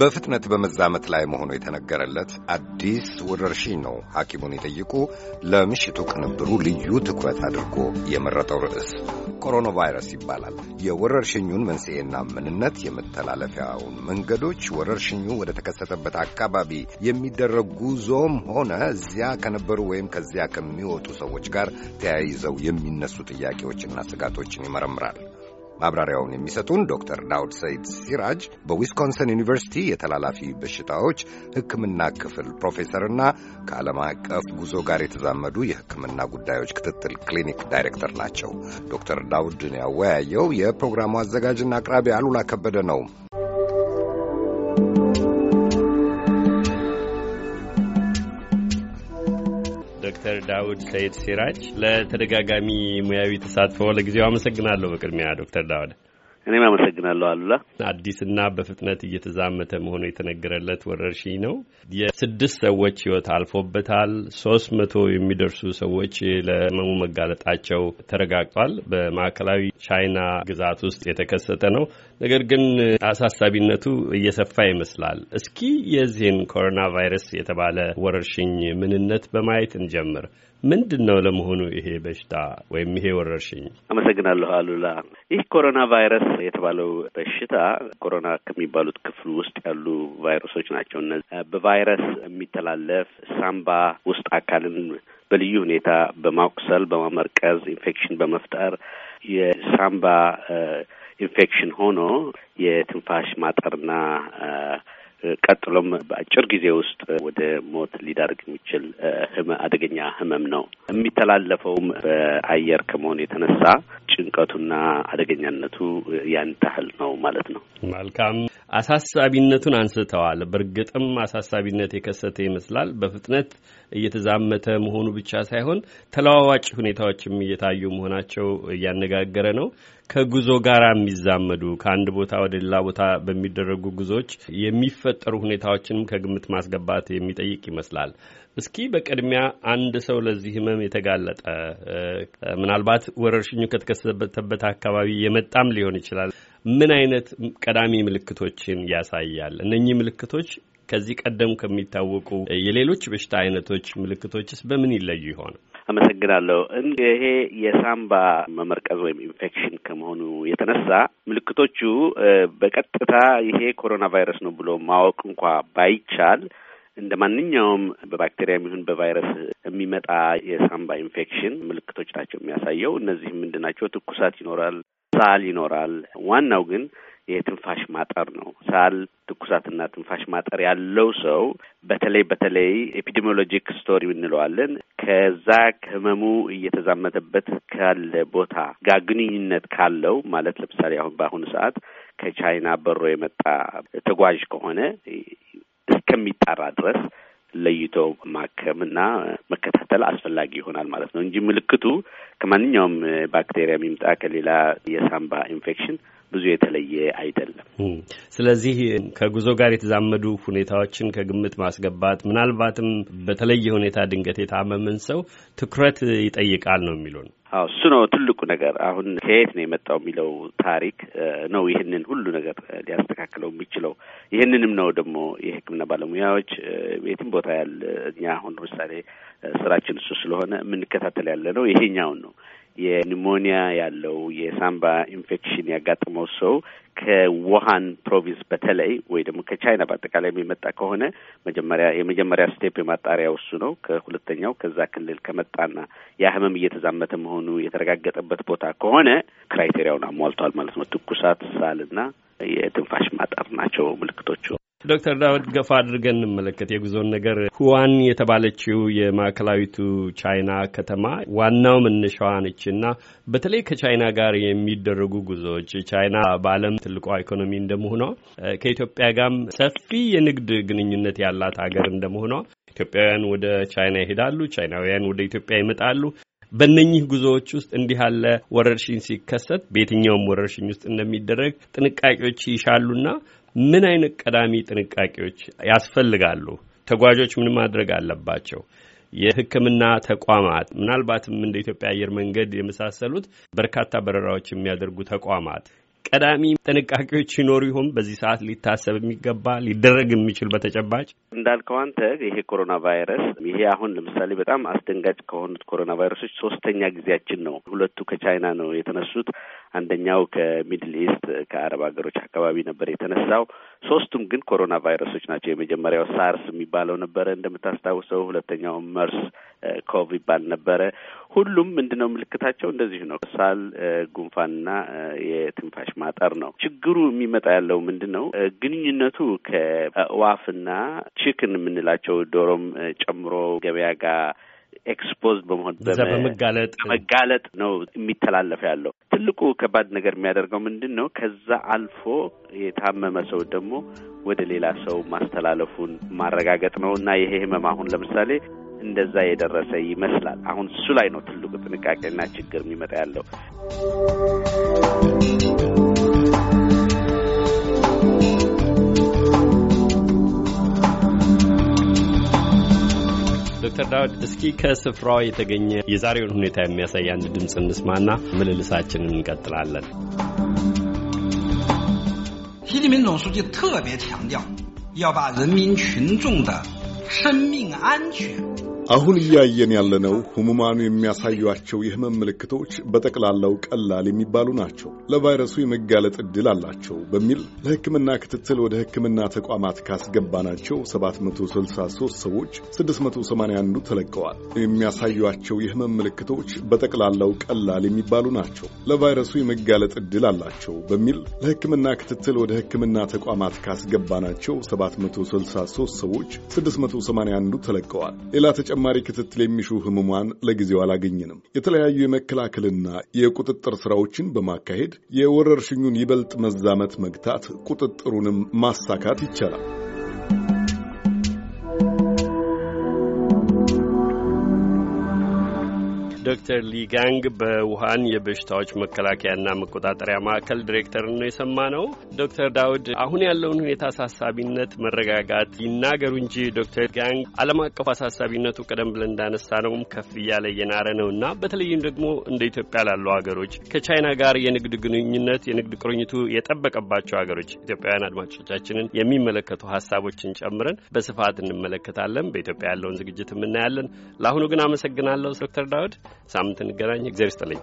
በፍጥነት በመዛመት ላይ መሆኑ የተነገረለት አዲስ ወረርሽኝ ነው። ሐኪሙን ይጠይቁ ለምሽቱ ቅንብሩ ልዩ ትኩረት አድርጎ የመረጠው ርዕስ ኮሮና ቫይረስ ይባላል። የወረርሽኙን መንስኤና ምንነት፣ የመተላለፊያውን መንገዶች፣ ወረርሽኙ ወደ ተከሰተበት አካባቢ የሚደረግ ጉዞም ሆነ እዚያ ከነበሩ ወይም ከዚያ ከሚወጡ ሰዎች ጋር ተያይዘው የሚነሱ ጥያቄዎችና ስጋቶችን ይመረምራል። ማብራሪያውን የሚሰጡን ዶክተር ዳውድ ሰይድ ሲራጅ በዊስኮንሰን ዩኒቨርሲቲ የተላላፊ በሽታዎች ሕክምና ክፍል ፕሮፌሰርና ከዓለም አቀፍ ጉዞ ጋር የተዛመዱ የሕክምና ጉዳዮች ክትትል ክሊኒክ ዳይሬክተር ናቸው። ዶክተር ዳውድን ያወያየው የፕሮግራሙ አዘጋጅና አቅራቢ አሉላ ከበደ ነው። ዶክተር ዳውድ ሰይድ ሲራጅ ለተደጋጋሚ ሙያዊ ተሳትፎ ለጊዜው አመሰግናለሁ። በቅድሚያ ዶክተር ዳውድ እኔም አመሰግናለሁ አሉላ። አዲስና በፍጥነት እየተዛመተ መሆኑ የተነገረለት ወረርሽኝ ነው። የስድስት ሰዎች ህይወት አልፎበታል። ሶስት መቶ የሚደርሱ ሰዎች ለህመሙ መጋለጣቸው ተረጋግጧል። በማዕከላዊ ቻይና ግዛት ውስጥ የተከሰተ ነው። ነገር ግን አሳሳቢነቱ እየሰፋ ይመስላል። እስኪ የዚህን ኮሮና ቫይረስ የተባለ ወረርሽኝ ምንነት በማየት እንጀምር። ምንድን ነው ለመሆኑ ይሄ በሽታ ወይም ይሄ ወረርሽኝ? አመሰግናለሁ አሉላ። ይህ ኮሮና ቫይረስ የተባለው በሽታ ኮሮና ከሚባሉት ክፍል ውስጥ ያሉ ቫይረሶች ናቸው። እነዚህ በቫይረስ የሚተላለፍ ሳምባ ውስጥ አካልን በልዩ ሁኔታ በማቁሰል በማመርቀዝ ኢንፌክሽን በመፍጠር የሳምባ ኢንፌክሽን ሆኖ የትንፋሽ ማጠርና ቀጥሎም በአጭር ጊዜ ውስጥ ወደ ሞት ሊዳርግ የሚችል አደገኛ ህመም ነው። የሚተላለፈውም በአየር ከመሆኑ የተነሳ ጭንቀቱና አደገኛነቱ ያን ታህል ነው ማለት ነው። መልካም አሳሳቢነቱን አንስተዋል። በእርግጥም አሳሳቢነት የከሰተ ይመስላል በፍጥነት እየተዛመተ መሆኑ ብቻ ሳይሆን ተለዋዋጭ ሁኔታዎችም እየታዩ መሆናቸው እያነጋገረ ነው። ከጉዞ ጋር የሚዛመዱ ከአንድ ቦታ ወደ ሌላ ቦታ በሚደረጉ ጉዞዎች የሚፈጠሩ ሁኔታዎችንም ከግምት ማስገባት የሚጠይቅ ይመስላል። እስኪ በቅድሚያ አንድ ሰው ለዚህ ህመም የተጋለጠ ምናልባት ወረርሽኙ ከተከሰተበት አካባቢ የመጣም ሊሆን ይችላል ምን አይነት ቀዳሚ ምልክቶችን ያሳያል? እነኚህ ምልክቶች ከዚህ ቀደም ከሚታወቁ የሌሎች በሽታ አይነቶች ምልክቶችስ በምን ይለዩ ይሆን? አመሰግናለሁ። ይሄ የሳምባ መመርቀዝ ወይም ኢንፌክሽን ከመሆኑ የተነሳ ምልክቶቹ በቀጥታ ይሄ ኮሮና ቫይረስ ነው ብሎ ማወቅ እንኳ ባይቻል እንደ ማንኛውም በባክቴሪያ ይሁን በቫይረስ የሚመጣ የሳምባ ኢንፌክሽን ምልክቶች ናቸው የሚያሳየው። እነዚህም ምንድን ናቸው? ትኩሳት ይኖራል፣ ሳል ይኖራል። ዋናው ግን የትንፋሽ ማጠር ነው። ሳል፣ ትኩሳትና ትንፋሽ ማጠር ያለው ሰው በተለይ በተለይ ኤፒዲሚዮሎጂክ ስቶሪ እንለዋለን ከዛ ህመሙ እየተዛመተበት ካለ ቦታ ጋር ግንኙነት ካለው ማለት ለምሳሌ አሁን በአሁኑ ሰዓት ከቻይና በሮ የመጣ ተጓዥ ከሆነ እስከሚጣራ ድረስ ለይቶ እና መከታተል አስፈላጊ ይሆናል ማለት ነው እንጂ ምልክቱ ከማንኛውም ባክቴሪያ የሚምጣ ከሌላ የሳምባ ኢንፌክሽን ብዙ የተለየ አይደለም። ስለዚህ ከጉዞ ጋር የተዛመዱ ሁኔታዎችን ከግምት ማስገባት ምናልባትም በተለየ ሁኔታ ድንገት የታመመን ሰው ትኩረት ይጠይቃል ነው የሚሉን። አዎ እሱ ነው ትልቁ ነገር። አሁን ከየት ነው የመጣው የሚለው ታሪክ ነው ይህንን ሁሉ ነገር ሊያስተካክለው የሚችለው። ይህንንም ነው ደግሞ የሕክምና ባለሙያዎች የትም ቦታ ያለ እኛ አሁን ለምሳሌ ስራችን እሱ ስለሆነ የምንከታተል ያለ ነው ይሄኛውን ነው የኒሞኒያ ያለው የሳምባ ኢንፌክሽን ያጋጠመው ሰው ከውሃን ፕሮቪንስ በተለይ ወይ ደግሞ ከቻይና በአጠቃላይ የሚመጣ ከሆነ መጀመሪያ የመጀመሪያ ስቴፕ የማጣሪያ እሱ ነው። ከሁለተኛው ከዛ ክልል ከመጣና ያ ህመም እየተዛመተ መሆኑ የተረጋገጠበት ቦታ ከሆነ ክራይቴሪያውን አሟልቷል ማለት ነው። ትኩሳት፣ ሳልና የትንፋሽ ማጠር ናቸው ምልክቶቹ። ዶክተር ዳዊት ገፋ አድርገን እንመለከት የጉዞን ነገር። ሁዋን የተባለችው የማዕከላዊቱ ቻይና ከተማ ዋናው መነሻዋ ነች በተለይ ከቻይና ጋር የሚደረጉ ጉዞዎች ቻይና በዓለም ትልቋ ኢኮኖሚ እንደመሆኗ ከኢትዮጵያ ጋርም ሰፊ የንግድ ግንኙነት ያላት ሀገር እንደመሆኗ ኢትዮጵያውያን ወደ ቻይና ይሄዳሉ፣ ቻይናውያን ወደ ኢትዮጵያ ይመጣሉ። በእነኚህ ጉዞዎች ውስጥ እንዲህ ያለ ወረርሽኝ ሲከሰት በየትኛውም ወረርሽኝ ውስጥ እንደሚደረግ ጥንቃቄዎች ይሻሉና ምን አይነት ቀዳሚ ጥንቃቄዎች ያስፈልጋሉ? ተጓዦች ምን ማድረግ አለባቸው? የሕክምና ተቋማት ምናልባትም እንደ ኢትዮጵያ አየር መንገድ የመሳሰሉት በርካታ በረራዎች የሚያደርጉ ተቋማት ቀዳሚ ጥንቃቄዎች ይኖሩ ይሆን? በዚህ ሰዓት ሊታሰብ የሚገባ ሊደረግ የሚችል በተጨባጭ እንዳልከው አንተ ይሄ ኮሮና ቫይረስ ይሄ አሁን ለምሳሌ በጣም አስደንጋጭ ከሆኑት ኮሮና ቫይረሶች ሶስተኛ ጊዜያችን ነው። ሁለቱ ከቻይና ነው የተነሱት። አንደኛው ከሚድል ኢስት ከአረብ ሀገሮች አካባቢ ነበር የተነሳው። ሶስቱም ግን ኮሮና ቫይረሶች ናቸው። የመጀመሪያው ሳርስ የሚባለው ነበረ እንደምታስታውሰው፣ ሁለተኛው መርስ ኮቭ ይባል ነበረ። ሁሉም ምንድነው ምልክታቸው እንደዚህ ነው፣ ሳል፣ ጉንፋንና የትንፋሽ ማጠር ነው። ችግሩ የሚመጣ ያለው ምንድን ነው ግንኙነቱ ከዋፍና ችክን የምንላቸው ዶሮም ጨምሮ ገበያ ጋር ኤክስፖዝድ በመሆን በመጋለጥ በመጋለጥ ነው የሚተላለፈ ያለው። ትልቁ ከባድ ነገር የሚያደርገው ምንድን ነው? ከዛ አልፎ የታመመ ሰው ደግሞ ወደ ሌላ ሰው ማስተላለፉን ማረጋገጥ ነው እና ይሄ ህመም አሁን ለምሳሌ እንደዛ የደረሰ ይመስላል። አሁን እሱ ላይ ነው ትልቁ ጥንቃቄና ችግር የሚመጣ ያለው። 习近平总书记特别强调，要把人民群众的生命安全。አሁን እያየን ያለነው ህሙማኑ የሚያሳዩቸው የህመም ምልክቶች በጠቅላላው ቀላል የሚባሉ ናቸው። ለቫይረሱ የመጋለጥ ዕድል አላቸው በሚል ለህክምና ክትትል ወደ ህክምና ተቋማት ካስገባናቸው 763 ሰዎች 681ዱ ተለቀዋል። የሚያሳዩቸው የህመም ምልክቶች በጠቅላላው ቀላል የሚባሉ ናቸው። ለቫይረሱ የመጋለጥ ዕድል አላቸው በሚል ለህክምና ክትትል ወደ ህክምና ተቋማት ካስገባናቸው 763 ሰዎች 681ዱ ተለቀዋል። ሌላ ተጨማሪ ክትትል የሚሹ ህሙማን ለጊዜው አላገኘንም። የተለያዩ የመከላከልና የቁጥጥር ስራዎችን በማካሄድ የወረርሽኙን ይበልጥ መዛመት መግታት፣ ቁጥጥሩንም ማሳካት ይቻላል። ዶክተር ሊጋንግ በውሃን የበሽታዎች መከላከያና መቆጣጠሪያ ማዕከል ዲሬክተር ነው የሰማ ነው። ዶክተር ዳውድ አሁን ያለውን ሁኔታ አሳሳቢነት መረጋጋት ይናገሩ እንጂ ዶክተር ሊጋንግ ዓለም አቀፍ አሳሳቢነቱ ቀደም ብለን እንዳነሳ ነውም ከፍ እያለ የናረ ነው እና በተለይም ደግሞ እንደ ኢትዮጵያ ላሉ ሀገሮች ከቻይና ጋር የንግድ ግንኙነት የንግድ ቁርኝቱ የጠበቀባቸው ሀገሮች ኢትዮጵያውያን አድማጮቻችንን የሚመለከቱ ሀሳቦችን ጨምረን በስፋት እንመለከታለን። በኢትዮጵያ ያለውን ዝግጅት እናያለን። ለአሁኑ ግን አመሰግናለሁ ዶክተር ዳውድ። ሳምንት እንገናኝ። እግዚአብሔር ይስጥልኝ።